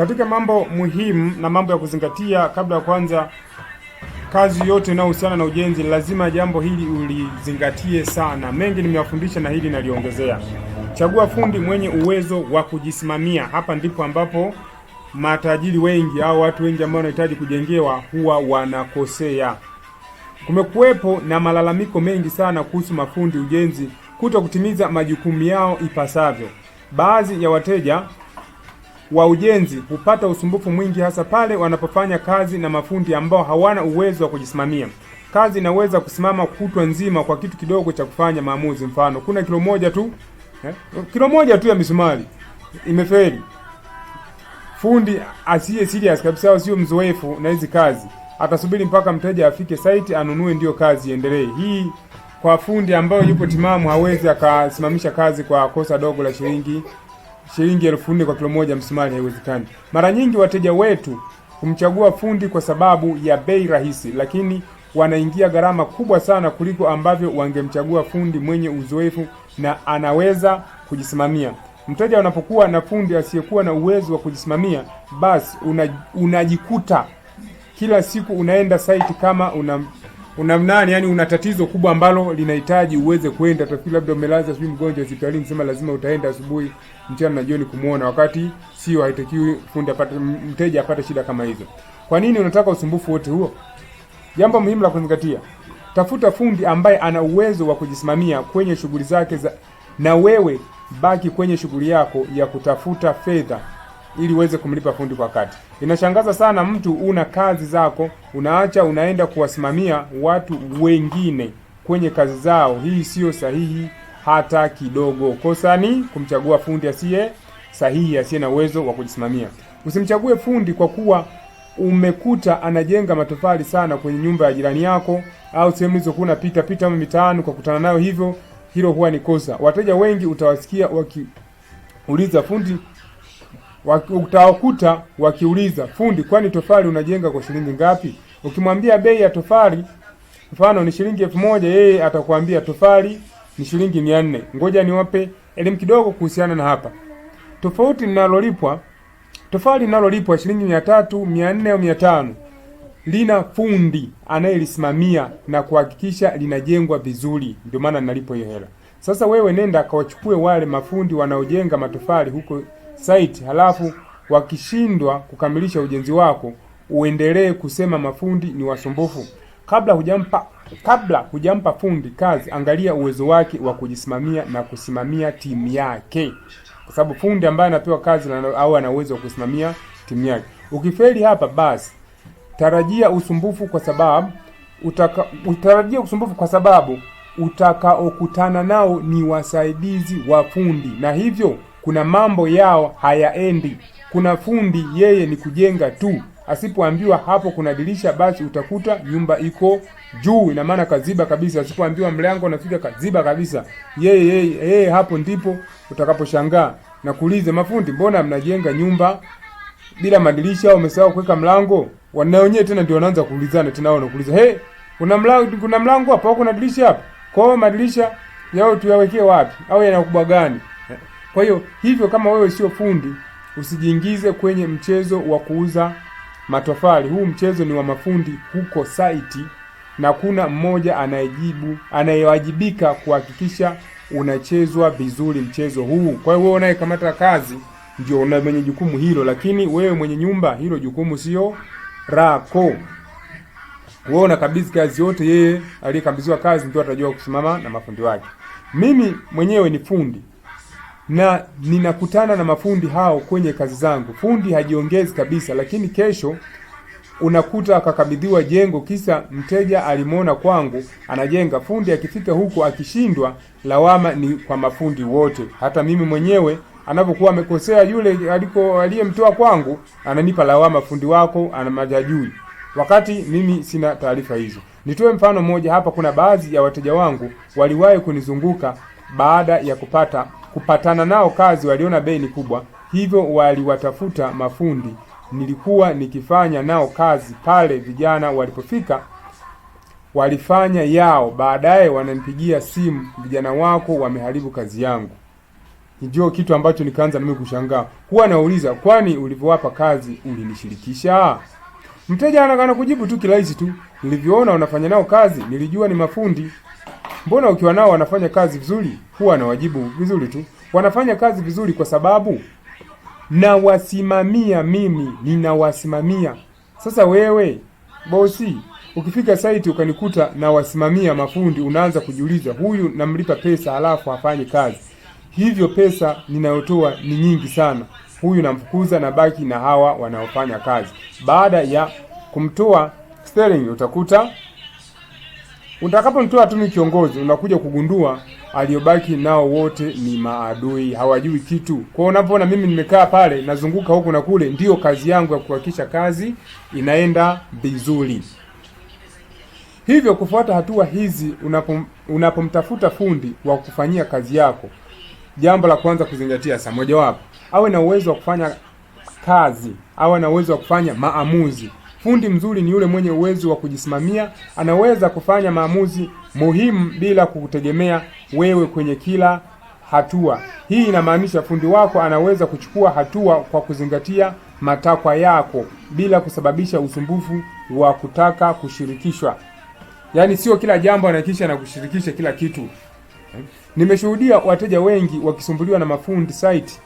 Katika mambo muhimu na mambo ya kuzingatia kabla ya kuanza kazi yote inayohusiana na ujenzi, lazima jambo hili ulizingatie sana. Mengi nimewafundisha na hili naliongezea. Chagua fundi mwenye uwezo wa kujisimamia. Hapa ndipo ambapo matajiri wengi au watu wengi ambao wanahitaji kujengewa huwa wanakosea. Kumekuwepo na malalamiko mengi sana kuhusu mafundi ujenzi kuto kutimiza majukumu yao ipasavyo. Baadhi ya wateja wa ujenzi hupata usumbufu mwingi, hasa pale wanapofanya kazi na mafundi ambao hawana uwezo wa kujisimamia. Kazi inaweza kusimama kutwa nzima kwa kitu kidogo cha kufanya maamuzi. Mfano, kuna kilo moja tu eh, kilo moja tu ya misumari imefeli. Fundi asiye serious kabisa, sio mzoefu na hizi kazi, atasubiri mpaka mteja afike site anunue, ndiyo kazi iendelee. Hii kwa fundi ambayo yupo timamu hawezi akasimamisha kazi kwa kosa dogo la shilingi shilingi elfu nne kwa kilo moja msumari haiwezekani. Mara nyingi wateja wetu kumchagua fundi kwa sababu ya bei rahisi, lakini wanaingia gharama kubwa sana kuliko ambavyo wangemchagua fundi mwenye uzoefu na anaweza kujisimamia. Mteja unapokuwa na fundi asiyekuwa na uwezo wa kujisimamia, basi unajikuta kila siku unaenda site kama una unamnani, yani una tatizo kubwa ambalo linahitaji uweze kwenda. tafiki labda umelaza sijui mgonjwa hospitalini, sema lazima utaenda asubuhi, mchana na jioni kumwona, wakati sio. Haitakiwi fundi apate, mteja apate shida kama hizo. Kwa nini unataka usumbufu wote huo? Jambo muhimu la kuzingatia, tafuta fundi ambaye ana uwezo wa kujisimamia kwenye shughuli zake za, na wewe baki kwenye shughuli yako ya kutafuta fedha ili uweze kumlipa fundi kwa wakati. Inashangaza sana, mtu una kazi zako unaacha unaenda kuwasimamia watu wengine kwenye kazi zao. Hii siyo sahihi hata kidogo. Kosa ni kumchagua fundi asiye sahihi, asiye na uwezo wa kujisimamia. Usimchague fundi kwa kuwa umekuta anajenga matofali sana kwenye nyumba ya jirani yako au sehemu ulizokuwa unapita pita mitaani ukakutana nayo hivyo. Hilo huwa ni kosa. Wateja wengi utawasikia wakiuliza fundi utawakuta wakiuliza, fundi, kwani tofali unajenga kwa shilingi ngapi? Ukimwambia bei ya tofali mfano ni shilingi elfu moja yeye atakwambia tofali ni shilingi mia nne. Ngoja niwape elimu kidogo kuhusiana na hapa tofauti linalolipwa tofali linalolipwa shilingi mia tatu, mia nne au mia tano lina fundi anayelisimamia na kuhakikisha linajengwa vizuri, ndio maana nalipo hiyo hela. Sasa wewe nenda kawachukue wale mafundi wanaojenga matofali huko site, halafu wakishindwa kukamilisha ujenzi wako uendelee kusema mafundi ni wasumbufu. Kabla hujampa kabla hujampa fundi kazi, angalia uwezo wake wa kujisimamia na kusimamia timu yake, kwa sababu fundi ambaye anapewa kazi au ana uwezo wa kusimamia timu yake. Ukifeli hapa, basi tarajia usumbufu kwa sababu utaka, utarajia usumbufu kwa sababu utakaokutana nao ni wasaidizi wa fundi na hivyo kuna mambo yao hayaendi. Kuna fundi, yeye ni kujenga tu, asipoambiwa hapo kuna dirisha, basi utakuta nyumba iko juu. Ina maana kaziba kabisa, asipoambiwa mlango unafika, kaziba kabisa. Yeye yeye yeye, hapo ndipo utakaposhangaa na kuuliza, mafundi, mbona mnajenga nyumba bila madirisha umesahau kuweka mlango? Wanao tena ndio wanaanza kuulizana tena, wao wanakuuliza he, kuna mlango kuna mlango hapo au kuna dirisha hapo? kwao madirisha yao tuyawekee wapi au yana ukubwa gani? Kwa hiyo hivyo, kama wewe sio fundi, usijiingize kwenye mchezo wa kuuza matofali. Huu mchezo ni wa mafundi huko saiti, na kuna mmoja anayejibu anayewajibika kuhakikisha unachezwa vizuri mchezo huu. Kwa hiyo wewe unayekamata kazi ndio una mwenye jukumu hilo, lakini wewe mwenye nyumba hilo jukumu sio rako. Wewe unakabidhi kazi yote, yeye aliyekabidhiwa kazi ndio atajua kusimama na mafundi wake. Mimi mwenyewe ni fundi na ninakutana na mafundi hao kwenye kazi zangu. Fundi hajiongezi kabisa, lakini kesho unakuta akakabidhiwa jengo, kisa mteja alimwona kwangu anajenga. Fundi akifika huko akishindwa, lawama ni kwa mafundi wote. Hata mimi mwenyewe anapokuwa amekosea yule aliko aliyemtoa kwangu, ananipa lawama, fundi wako ana majajui, wakati mimi sina taarifa hizo. Nitoe mfano mmoja hapa. Kuna baadhi ya wateja wangu waliwahi kunizunguka baada ya kupata kupatana nao kazi, waliona bei ni kubwa, hivyo waliwatafuta mafundi. Nilikuwa nikifanya nao kazi pale. Vijana walipofika walifanya yao, baadaye wananipigia simu, vijana wako wameharibu kazi yangu. Ndio kitu ambacho nikaanza mimi kushangaa. Huwa nauliza, kwani ulivyowapa kazi ulinishirikisha? Mteja anakana kujibu tu kirahisi tu, nilivyoona unafanya nao kazi nilijua ni mafundi. Mbona ukiwa nao wanafanya kazi vizuri, huwa anawajibu vizuri tu. Wanafanya kazi vizuri kwa sababu nawasimamia mimi, ninawasimamia. Sasa wewe bosi, ukifika site ukanikuta nawasimamia mafundi, unaanza kujiuliza, huyu namlipa pesa halafu hafanyi kazi, hivyo pesa ninayotoa ni nyingi sana. Huyu namfukuza, na baki na hawa wanaofanya kazi. Baada ya kumtoa Sterling utakuta Utakapomtoa tu ni kiongozi, unakuja kugundua aliyobaki nao wote ni maadui, hawajui kitu. Kwa hiyo unapoona mimi nimekaa pale nazunguka huku na kule, ndiyo kazi yangu ya kuhakikisha kazi inaenda vizuri. Hivyo kufuata hatua hizi unapom, unapomtafuta fundi wa kufanyia kazi yako, jambo la kwanza kuzingatia saa mojawapo, awe na uwezo wa kufanya kazi, awe na uwezo wa kufanya maamuzi Fundi mzuri ni yule mwenye uwezo wa kujisimamia, anaweza kufanya maamuzi muhimu bila kukutegemea wewe kwenye kila hatua. Hii inamaanisha fundi wako anaweza kuchukua hatua kwa kuzingatia matakwa yako bila kusababisha usumbufu wa kutaka kushirikishwa. Yaani sio kila jambo anahakikisha na kushirikisha kila kitu. Nimeshuhudia wateja wengi wakisumbuliwa na mafundi site.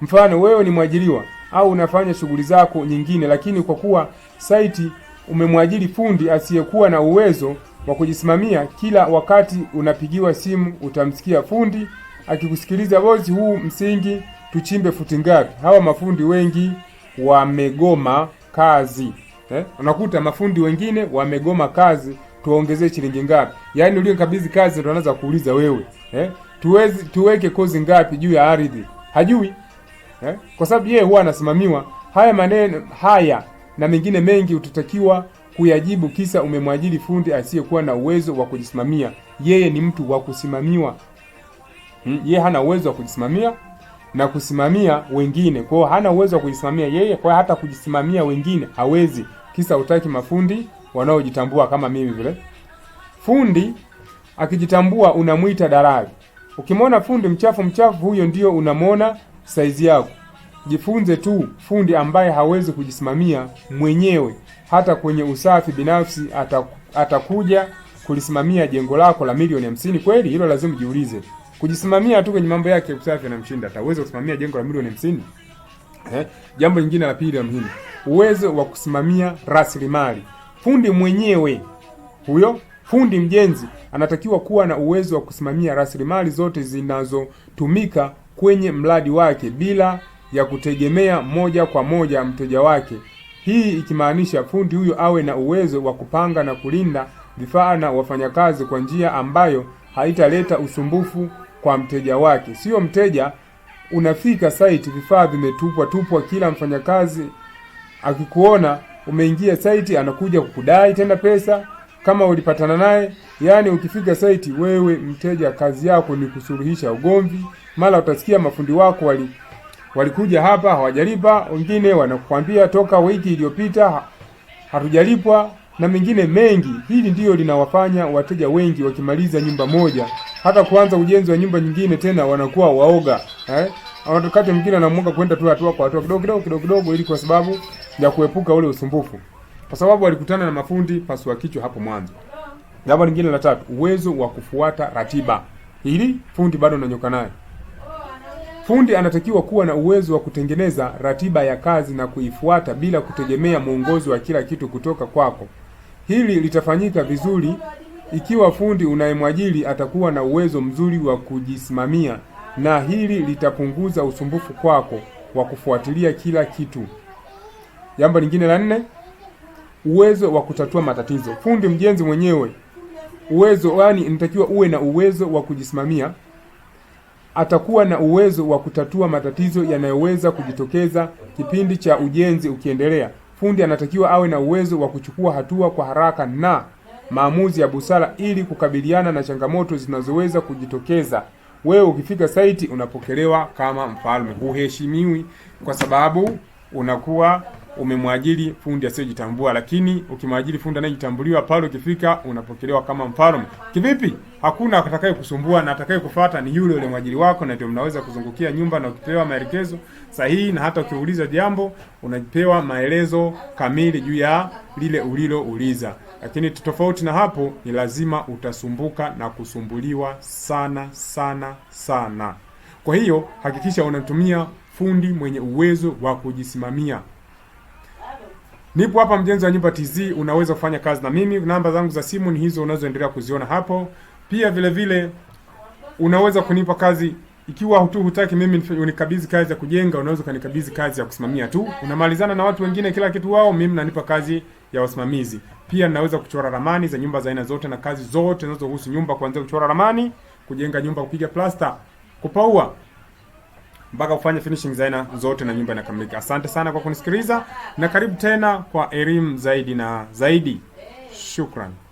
Mfano, wewe ni mwajiriwa au unafanya shughuli zako nyingine, lakini kwa kuwa saiti umemwajiri fundi asiyekuwa na uwezo wa kujisimamia, kila wakati unapigiwa simu utamsikia fundi akikusikiliza, bosi, huu msingi tuchimbe futi ngapi? Hawa mafundi wengi wamegoma kazi eh? Unakuta mafundi wengine wamegoma kazi, tuongezee shilingi ngapi? Yaani uliyokabidhi kazi ndo anaanza kuuliza wewe eh? Tuwezi, tuweke kozi ngapi juu ya ardhi? Hajui eh? Kwa sababu yeye huwa anasimamiwa. Haya maneno haya na mengine mengi utatakiwa kuyajibu, kisa umemwajiri fundi asiyekuwa na uwezo wa kujisimamia. Yeye ni mtu wa kusimamiwa hmm? Yeye hana uwezo wa kujisimamia na kusimamia wengine, kwa hiyo hana uwezo wa kujisimamia yeye, kwa hata kujisimamia wengine hawezi, kisa utaki mafundi wanaojitambua kama mimi vile. Fundi akijitambua unamwita dalali. Ukimwona fundi mchafu mchafu, huyo ndio unamwona saizi yako. Jifunze tu. Fundi ambaye hawezi kujisimamia mwenyewe hata kwenye usafi binafsi atakuja kulisimamia jengo lako la milioni hamsini kweli? Hilo lazima jiulize. Kujisimamia tu kwenye mambo yake usafi na mshinda, ataweza kusimamia jengo la milioni hamsini? Eh, jambo lingine la pili la muhimu, uwezo wa kusimamia rasilimali. Fundi mwenyewe huyo, fundi mjenzi anatakiwa kuwa na uwezo wa kusimamia rasilimali zote zinazotumika kwenye mradi wake bila ya kutegemea moja kwa moja mteja wake. Hii ikimaanisha fundi huyo awe na uwezo wa kupanga na kulinda vifaa na wafanyakazi kwa njia ambayo haitaleta usumbufu kwa mteja wake. Sio mteja unafika site vifaa vimetupwa tupwa, kila mfanyakazi akikuona umeingia site anakuja kukudai tena pesa kama ulipatana naye. Yaani ukifika saiti, wewe mteja, kazi yako ni kusuluhisha ugomvi. Mara utasikia mafundi wako wali walikuja hapa hawajalipa, wengine wanakuambia toka wiki iliyopita hatujalipwa na mengine mengi. Hili ndiyo linawafanya wateja wengi wakimaliza nyumba moja, hata kuanza ujenzi wa nyumba nyingine tena wanakuwa waoga eh? Wakati mwingine anamwaga kwenda tu hatua kwa hatua kidogo kidogo kidogo kidogo, ili kwa sababu ya kuepuka ule usumbufu kwa sababu walikutana na mafundi pasua kichwa hapo mwanzo. Jambo lingine la tatu, uwezo wa kufuata ratiba. Hili fundi bado nanyoka naye. Fundi anatakiwa kuwa na uwezo wa kutengeneza ratiba ya kazi na kuifuata bila kutegemea mwongozo wa kila kitu kutoka kwako. Hili litafanyika vizuri ikiwa fundi unayemwajiri atakuwa na uwezo mzuri wa kujisimamia, na hili litapunguza usumbufu kwako wa kufuatilia kila kitu. Jambo lingine la nne uwezo wa kutatua matatizo. Fundi mjenzi mwenyewe uwezo, yani inatakiwa uwe na uwezo wa kujisimamia, atakuwa na uwezo wa kutatua matatizo yanayoweza kujitokeza kipindi cha ujenzi ukiendelea. Fundi anatakiwa awe na uwezo wa kuchukua hatua kwa haraka na maamuzi ya busara ili kukabiliana na changamoto zinazoweza kujitokeza. Wewe ukifika saiti unapokelewa kama mfalme, huheshimiwi kwa sababu unakuwa umemwajiri fundi asiyojitambua, lakini ukimwajiri fundi anayejitambuliwa pale ukifika unapokelewa kama mfalme. Kivipi? Hakuna atakaye kusumbua na atakaye kufata ni yule yule mwajiri wako, na ndio mnaweza kuzungukia nyumba na ukipewa maelekezo sahihi, na hata ukiuliza jambo unapewa maelezo kamili juu ya lile ulilouliza. Lakini tofauti na hapo, ni lazima utasumbuka na kusumbuliwa sana sana sana. Kwa hiyo hakikisha unatumia fundi mwenye uwezo wa kujisimamia. Nipo hapa Mjenzi wa Nyumba TZ, unaweza kufanya kazi na mimi. Namba zangu za simu ni hizo unazoendelea kuziona hapo. Pia vile vile unaweza kunipa kazi ikiwa tu hutaki mimi unikabidhi kazi ya kujenga, unaweza kanikabidhi kazi ya kusimamia tu. Unamalizana na watu wengine kila kitu wao, mimi nanipa kazi ya wasimamizi. Pia naweza kuchora ramani za nyumba za aina zote na kazi zote zinazohusu nyumba, kuanzia kuchora ramani, kujenga nyumba, kupiga plasta, kupaua mpaka ufanye finishing zaina zote na nyumba inakamilika. Asante sana kwa kunisikiliza na karibu tena kwa elimu zaidi na zaidi. Shukran.